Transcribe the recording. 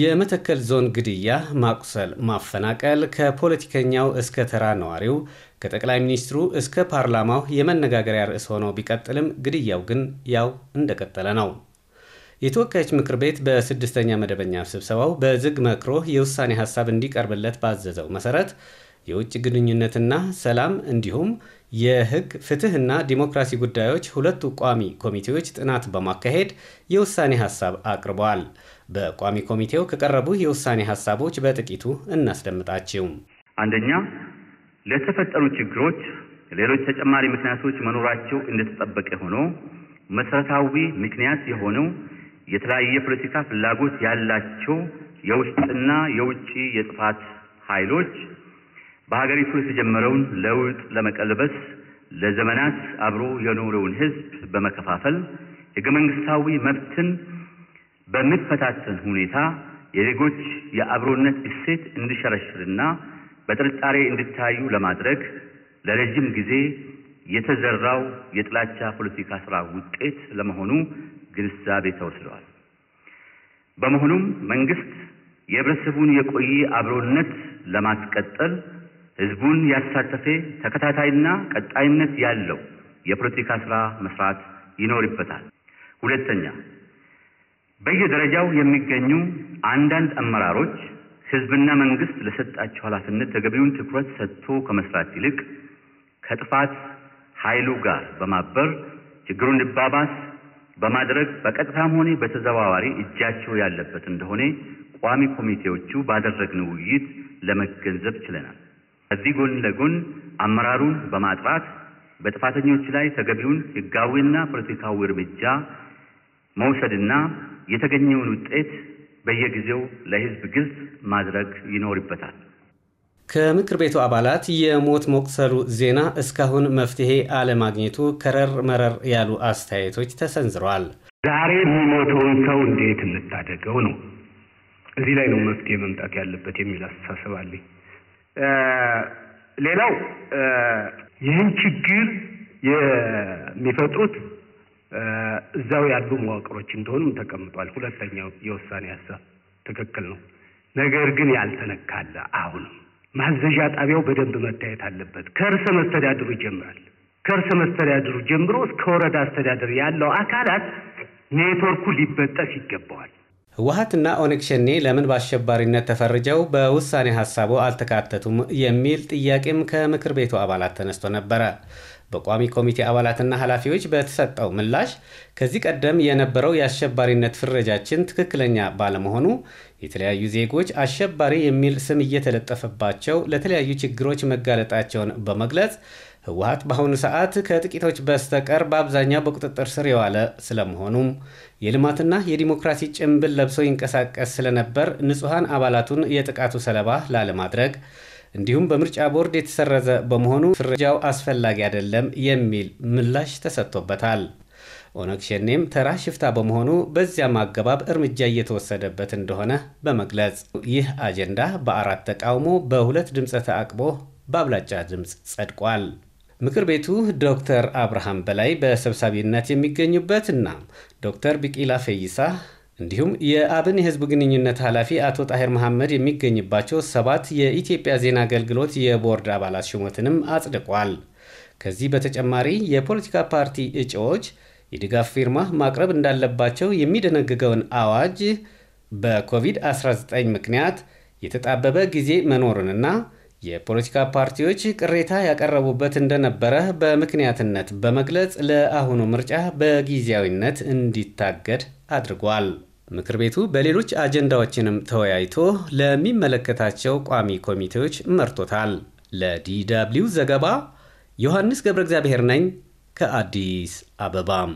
የመተከል ዞን ግድያ፣ ማቁሰል፣ ማፈናቀል ከፖለቲከኛው እስከ ተራ ነዋሪው ከጠቅላይ ሚኒስትሩ እስከ ፓርላማው የመነጋገሪያ ርዕስ ሆኖ ቢቀጥልም ግድያው ግን ያው እንደቀጠለ ነው። የተወካዮች ምክር ቤት በስድስተኛ መደበኛ ስብሰባው በዝግ መክሮ የውሳኔ ሀሳብ እንዲቀርብለት ባዘዘው መሰረት የውጭ ግንኙነትና ሰላም እንዲሁም የህግ ፍትህና ዲሞክራሲ ጉዳዮች ሁለቱ ቋሚ ኮሚቴዎች ጥናት በማካሄድ የውሳኔ ሀሳብ አቅርበዋል። በቋሚ ኮሚቴው ከቀረቡ የውሳኔ ሀሳቦች በጥቂቱ እናስደምጣችው። አንደኛ፣ ለተፈጠሩ ችግሮች ሌሎች ተጨማሪ ምክንያቶች መኖራቸው እንደተጠበቀ ሆኖ መሰረታዊ ምክንያት የሆነው የተለያየ የፖለቲካ ፍላጎት ያላቸው የውስጥና የውጭ የጥፋት ኃይሎች በሀገሪቱ የተጀመረውን ለውጥ ለመቀልበስ ለዘመናት አብሮ የኖረውን ህዝብ በመከፋፈል ህገ መንግስታዊ መብትን በሚፈታተን ሁኔታ የዜጎች የአብሮነት እሴት እንዲሸረሽርና በጥርጣሬ እንዲታዩ ለማድረግ ለረዥም ጊዜ የተዘራው የጥላቻ ፖለቲካ ስራ ውጤት ለመሆኑ ግንዛቤ ተወስደዋል። በመሆኑም መንግስት የህብረተሰቡን የቆየ አብሮነት ለማስቀጠል ህዝቡን ያሳተፈ ተከታታይና ቀጣይነት ያለው የፖለቲካ ስራ መስራት ይኖርበታል። ሁለተኛ በየደረጃው የሚገኙ አንዳንድ አመራሮች ህዝብና መንግስት ለሰጣቸው ኃላፊነት ተገቢውን ትኩረት ሰጥቶ ከመስራት ይልቅ ከጥፋት ኃይሉ ጋር በማበር ችግሩን ልባባስ በማድረግ በቀጥታም ሆነ በተዘዋዋሪ እጃቸው ያለበት እንደሆነ ቋሚ ኮሚቴዎቹ ባደረግነው ውይይት ለመገንዘብ ችለናል። ከዚህ ጎን ለጎን አመራሩን በማጥራት በጥፋተኞች ላይ ተገቢውን ህጋዊና ፖለቲካዊ እርምጃ መውሰድና የተገኘውን ውጤት በየጊዜው ለህዝብ ግልጽ ማድረግ ይኖርበታል። ከምክር ቤቱ አባላት የሞት መቁሰሉ ዜና እስካሁን መፍትሄ አለማግኘቱ ከረር መረር ያሉ አስተያየቶች ተሰንዝረዋል። ዛሬ የሚሞተውን ሰው እንዴት እንታደገው ነው። እዚህ ላይ ነው መፍትሄ መምጣት ያለበት የሚል አስተሳሰብ አለኝ። ሌላው ይህን ችግር የሚፈጥሩት እዛው ያሉ መዋቅሮች እንደሆኑም ተቀምጧል። ሁለተኛው የውሳኔ ሀሳብ ትክክል ነው። ነገር ግን ያልተነካለ አሁንም ማዘዣ ጣቢያው በደንብ መታየት አለበት። ከእርሰ መስተዳድሩ ይጀምራል። ከእርሰ መስተዳድሩ ጀምሮ እስከ ወረዳ አስተዳደር ያለው አካላት ኔትወርኩ ሊበጠስ ይገባዋል። ህወሀትና ኦነግ ሸኔ ለምን በአሸባሪነት ተፈርጀው በውሳኔ ሀሳቡ አልተካተቱም የሚል ጥያቄም ከምክር ቤቱ አባላት ተነስቶ ነበረ። በቋሚ ኮሚቴ አባላትና ኃላፊዎች በተሰጠው ምላሽ ከዚህ ቀደም የነበረው የአሸባሪነት ፍረጃችን ትክክለኛ ባለመሆኑ የተለያዩ ዜጎች አሸባሪ የሚል ስም እየተለጠፈባቸው ለተለያዩ ችግሮች መጋለጣቸውን በመግለጽ ህወሀት በአሁኑ ሰዓት ከጥቂቶች በስተቀር በአብዛኛው በቁጥጥር ስር የዋለ ስለመሆኑም የልማትና የዲሞክራሲ ጭንብል ለብሶ ይንቀሳቀስ ስለነበር ንጹሐን አባላቱን የጥቃቱ ሰለባ ላለማድረግ እንዲሁም በምርጫ ቦርድ የተሰረዘ በመሆኑ ፍረጃው አስፈላጊ አይደለም የሚል ምላሽ ተሰጥቶበታል። ኦነግ ሸኔም ተራ ሽፍታ በመሆኑ በዚያም አገባብ እርምጃ እየተወሰደበት እንደሆነ በመግለጽ ይህ አጀንዳ በአራት ተቃውሞ በሁለት ድምፀ ተአቅቦ በአብላጫ ድምፅ ጸድቋል። ምክር ቤቱ ዶክተር አብርሃም በላይ በሰብሳቢነት የሚገኙበት እና ዶክተር ቢቂላ ፈይሳ እንዲሁም የአብን የህዝብ ግንኙነት ኃላፊ አቶ ጣሄር መሐመድ የሚገኝባቸው ሰባት የኢትዮጵያ ዜና አገልግሎት የቦርድ አባላት ሹመትንም አጽድቋል። ከዚህ በተጨማሪ የፖለቲካ ፓርቲ እጩዎች የድጋፍ ፊርማ ማቅረብ እንዳለባቸው የሚደነግገውን አዋጅ በኮቪድ-19 ምክንያት የተጣበበ ጊዜ መኖሩንና የፖለቲካ ፓርቲዎች ቅሬታ ያቀረቡበት እንደነበረ በምክንያትነት በመግለጽ ለአሁኑ ምርጫ በጊዜያዊነት እንዲታገድ አድርጓል። ምክር ቤቱ በሌሎች አጀንዳዎችንም ተወያይቶ ለሚመለከታቸው ቋሚ ኮሚቴዎች መርቶታል። ለዲደብሊው ዘገባ ዮሐንስ ገብረ እግዚአብሔር ነኝ ከአዲስ አበባም